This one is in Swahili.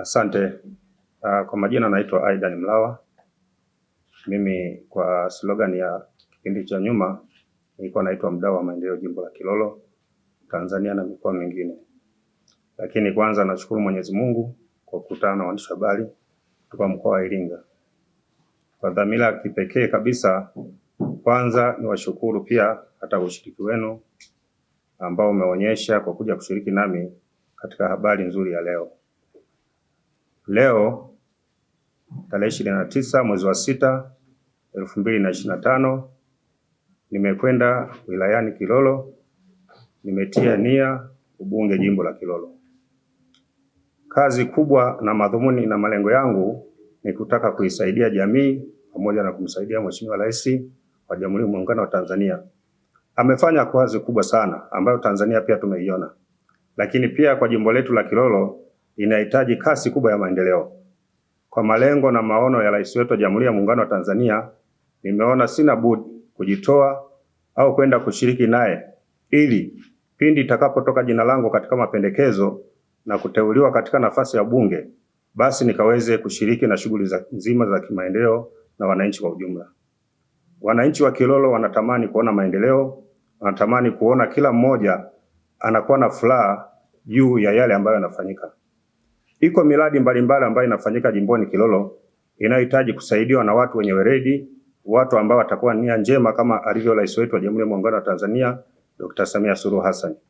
Asante. Uh, kwa majina naitwa Aidan Mlawa. Mimi kwa slogan ya kipindi cha nyuma nilikuwa naitwa mdau wa maendeleo jimbo la Kilolo, Tanzania na mikoa mingine. Lakini kwanza nashukuru Mwenyezi Mungu kwa kukutana na waandishi habari kutoka mkoa wa Iringa. Kwa dhamira ya kipekee kabisa, kwanza niwashukuru pia hata ushiriki wenu ambao umeonyesha kwa kuja kushiriki nami katika habari nzuri ya leo. Leo tarehe ishirini na tisa mwezi wa sita elfu mbili na ishirini na tano nimekwenda wilayani Kilolo, nimetia nia ubunge jimbo la Kilolo. Kazi kubwa na madhumuni na malengo yangu ni kutaka kuisaidia jamii pamoja na kumsaidia Mheshimiwa Rais wa Jamhuri ya Muungano wa Tanzania. Amefanya kazi kubwa sana ambayo Tanzania pia tumeiona, lakini pia kwa jimbo letu la Kilolo inahitaji kasi kubwa ya maendeleo. Kwa malengo na maono ya Rais wetu wa Jamhuri ya Muungano wa Tanzania, nimeona sina budi kujitoa au kwenda kushiriki naye ili pindi itakapotoka jina langu katika mapendekezo na kuteuliwa katika nafasi ya bunge, basi nikaweze kushiriki na shughuli za nzima za kimaendeleo na wananchi kwa ujumla. Wananchi wa Kilolo wanatamani kuona maendeleo, wanatamani kuona kila mmoja anakuwa na furaha juu ya yale ambayo yanafanyika. Iko miradi mbalimbali ambayo inafanyika jimboni Kilolo inayohitaji kusaidiwa na watu wenye weredi watu ambao watakuwa nia njema kama alivyo Rais wetu wa Jamhuri ya Muungano wa Tanzania Dr. Samia Suluhu Hassan.